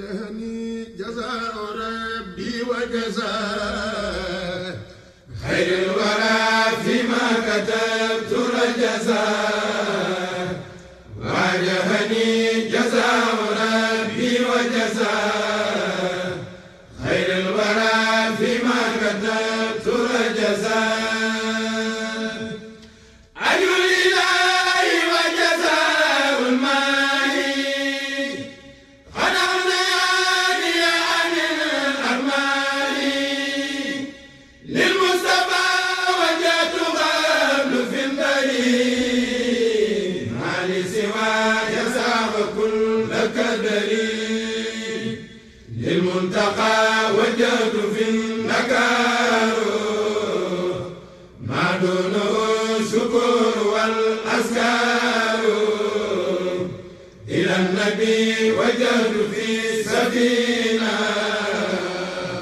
وجهني جزاء ربي وجزاء خير الورى فيما كتبت الجزاء وجهني جزاء النبي وجهد في سفينة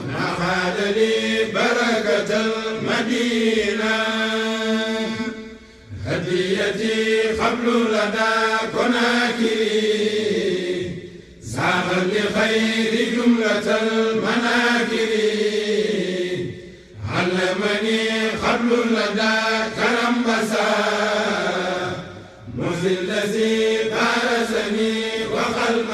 ما خاد لي بركة المدينة هديتي خبل لدى كناكري زاغ لخير جملة المناكري علمني خبل لدى كرم بسار الذي بارزني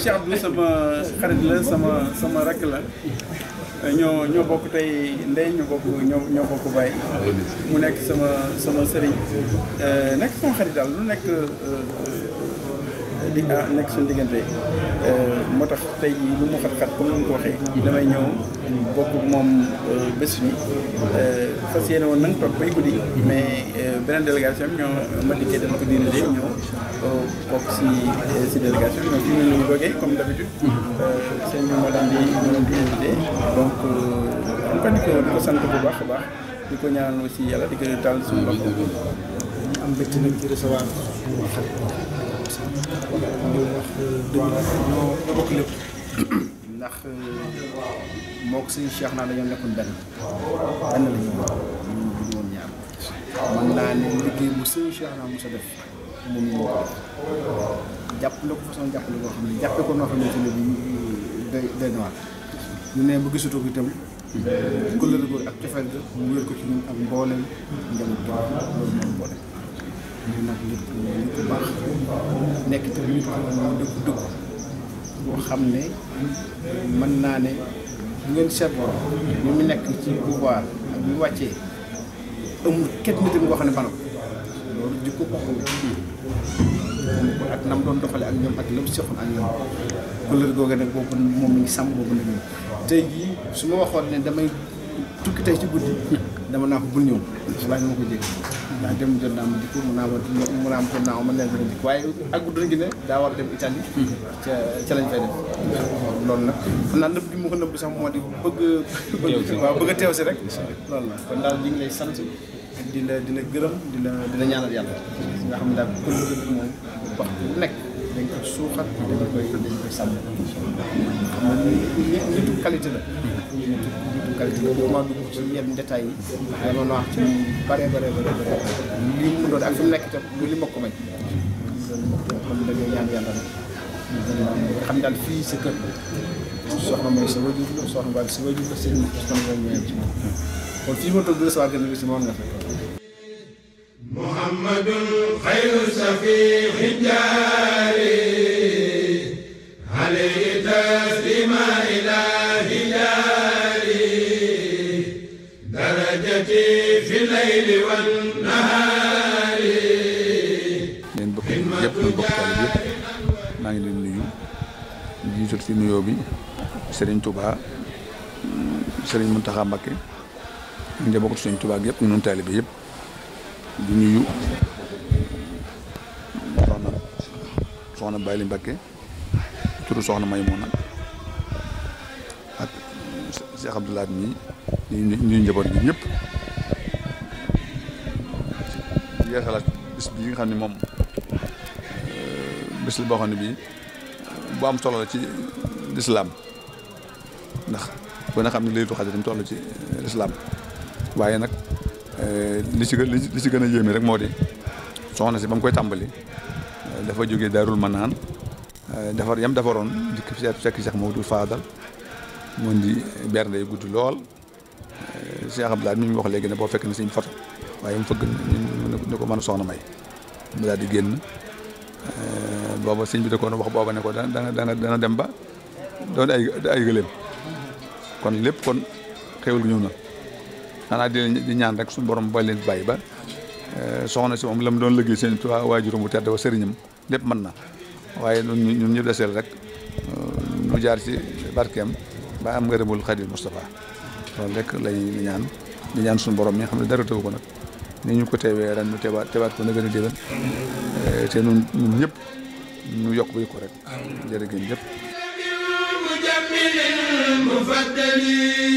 Cheikh Abdou sama xarit la sama sama rakk la ñoo ñoo bokk tey ndey ñoo bokk ñoo bokk bàyyi mu nekk sama sama sëriñ euh, nekk sama xarit daal lu nekk euh, di ah, nekk seen diggante euh, moo tax tey lu mu xat-xat comme ni nga ko waxee. damay ñëw bokk moom euh, bés bi euh, fas yéene woon nañ toog bay guddi. mais beneen délégation bi ñoo ma dikkee ko dirigé ñëw bokk si si délégation bi ñoom fi mu ne ñu doogee comme d'habitude. seen bi moo daan di moo daan di invité donc ko ko sant bu baax a baax di ko ñaanal aussi yàlla di ko taal suñu boppam. am bëccëg ci recevoir. ndax euh, moo ko sëñ Cheikh naa dañoo nekkoon benn benn la ñu ñu dugg woon ñaar ne bu sëñ Cheikh naa mos boo xam ne jàppe bi day day ak cofeel mu wér ko ci ñun ak mboolem njaboot loolu moom boole ñu nag nit ku nit ku baax nekk te nit boo xam ne mën naa ne bu ngeen seetloo mu nekk ci pouvoir ak ñu wàccee amul kenn nitam boo xam ne bana ko loolu jikko ko ko ak nam doon doxale ak ñoom ak lam seexoon ak ñoom couleur googu nag boobu moom mi ngi sàmm boobu nag tey jii su ma waxoon ne damay tukki ci guddi dama naa ko bul ñëw waaye ma ko jéggi ndax dem jot naa ma dikku mun naa war mun naa am jot naa am mën leen dama dikk waaye ak guddal gi ne daa war a dem Italie ca ca lañ fay dem loolu nag xam naa nëbb gi mu ko nëbb sax moo di bëgg waaw bëgg a teew si rek loolu na kon daal ñu ngi lay sant di la di gërëm di la di la ñaanal yàlla nga xam ne daal pël moom wax nekk suuxat te dañ koy dañ koy sàmm la nitu nitu qualité la bu ma dugg ci yenn détails yi dama na wax ci bare bare bare bare li mu doon ak fi mu nekk itam bu li ma ko may sa kër soxna mooy sa wajur la soxna waay sa wajur la seen soxna mooy ñëw a si بالليل والنهار نين بوك ييب بوك طالب ييب ماغي لين نيو دي جوت سي نيو بي سيرن توبا سيرن منتخا مباكي njabootu sëñ Tuubaa yëpp ñun taalibe yëpp di nuyu soxna soxna Bayli Mbakke turu soxna Maymuna ak Cheikh Abdoulaye mi ñu ñu njaboot yépp yeesalaat bis bi nga xam ne moom euh, bis la boo xam ne bii euh, bu am solo la ci lislaam ndax ba nga xam ne Laylatul Qadr toll ci euh, lislaam waaye nag li ci gën li ci gën a yéeme rek moo di soxna si ba koy tàmbali dafa jógee Daarul naan defar yam defaroon dikk seet fekk Cheikh Maodo di bernde yu lool Cheikh Abdoulaye mi ngi wax léegi ne boo fekk ne suñu foto waaye mu fëgg ni ko mën soxna may mu daal di génn eh, booba sëñ bi da ko wax booba ne ko dana dana dana dem ba doon ay ay gëléem kon lépp kon xéwal gu ñëw na xanaa di ñaan rek suñu borom ba leen bàyyi ba eh, soxna si moom la mu doon liggéey seen tuwaa waajuram bu tedd wa sëriñam lépp mën na waaye ñu ñun ñu deseel rek ñu eh, jaar ci barkeem ba am ngërëmul Xadim Moustapha loolu rek lay ñaan di ñaan suñu borom mi nga xam ne dara tëwu ko nag ni ñu ko teewee ren ñu teewaat ko na gën a déwén eh, te ñun ñun ñëpp ñu yokk ba ko rek jërë ngeen jëpp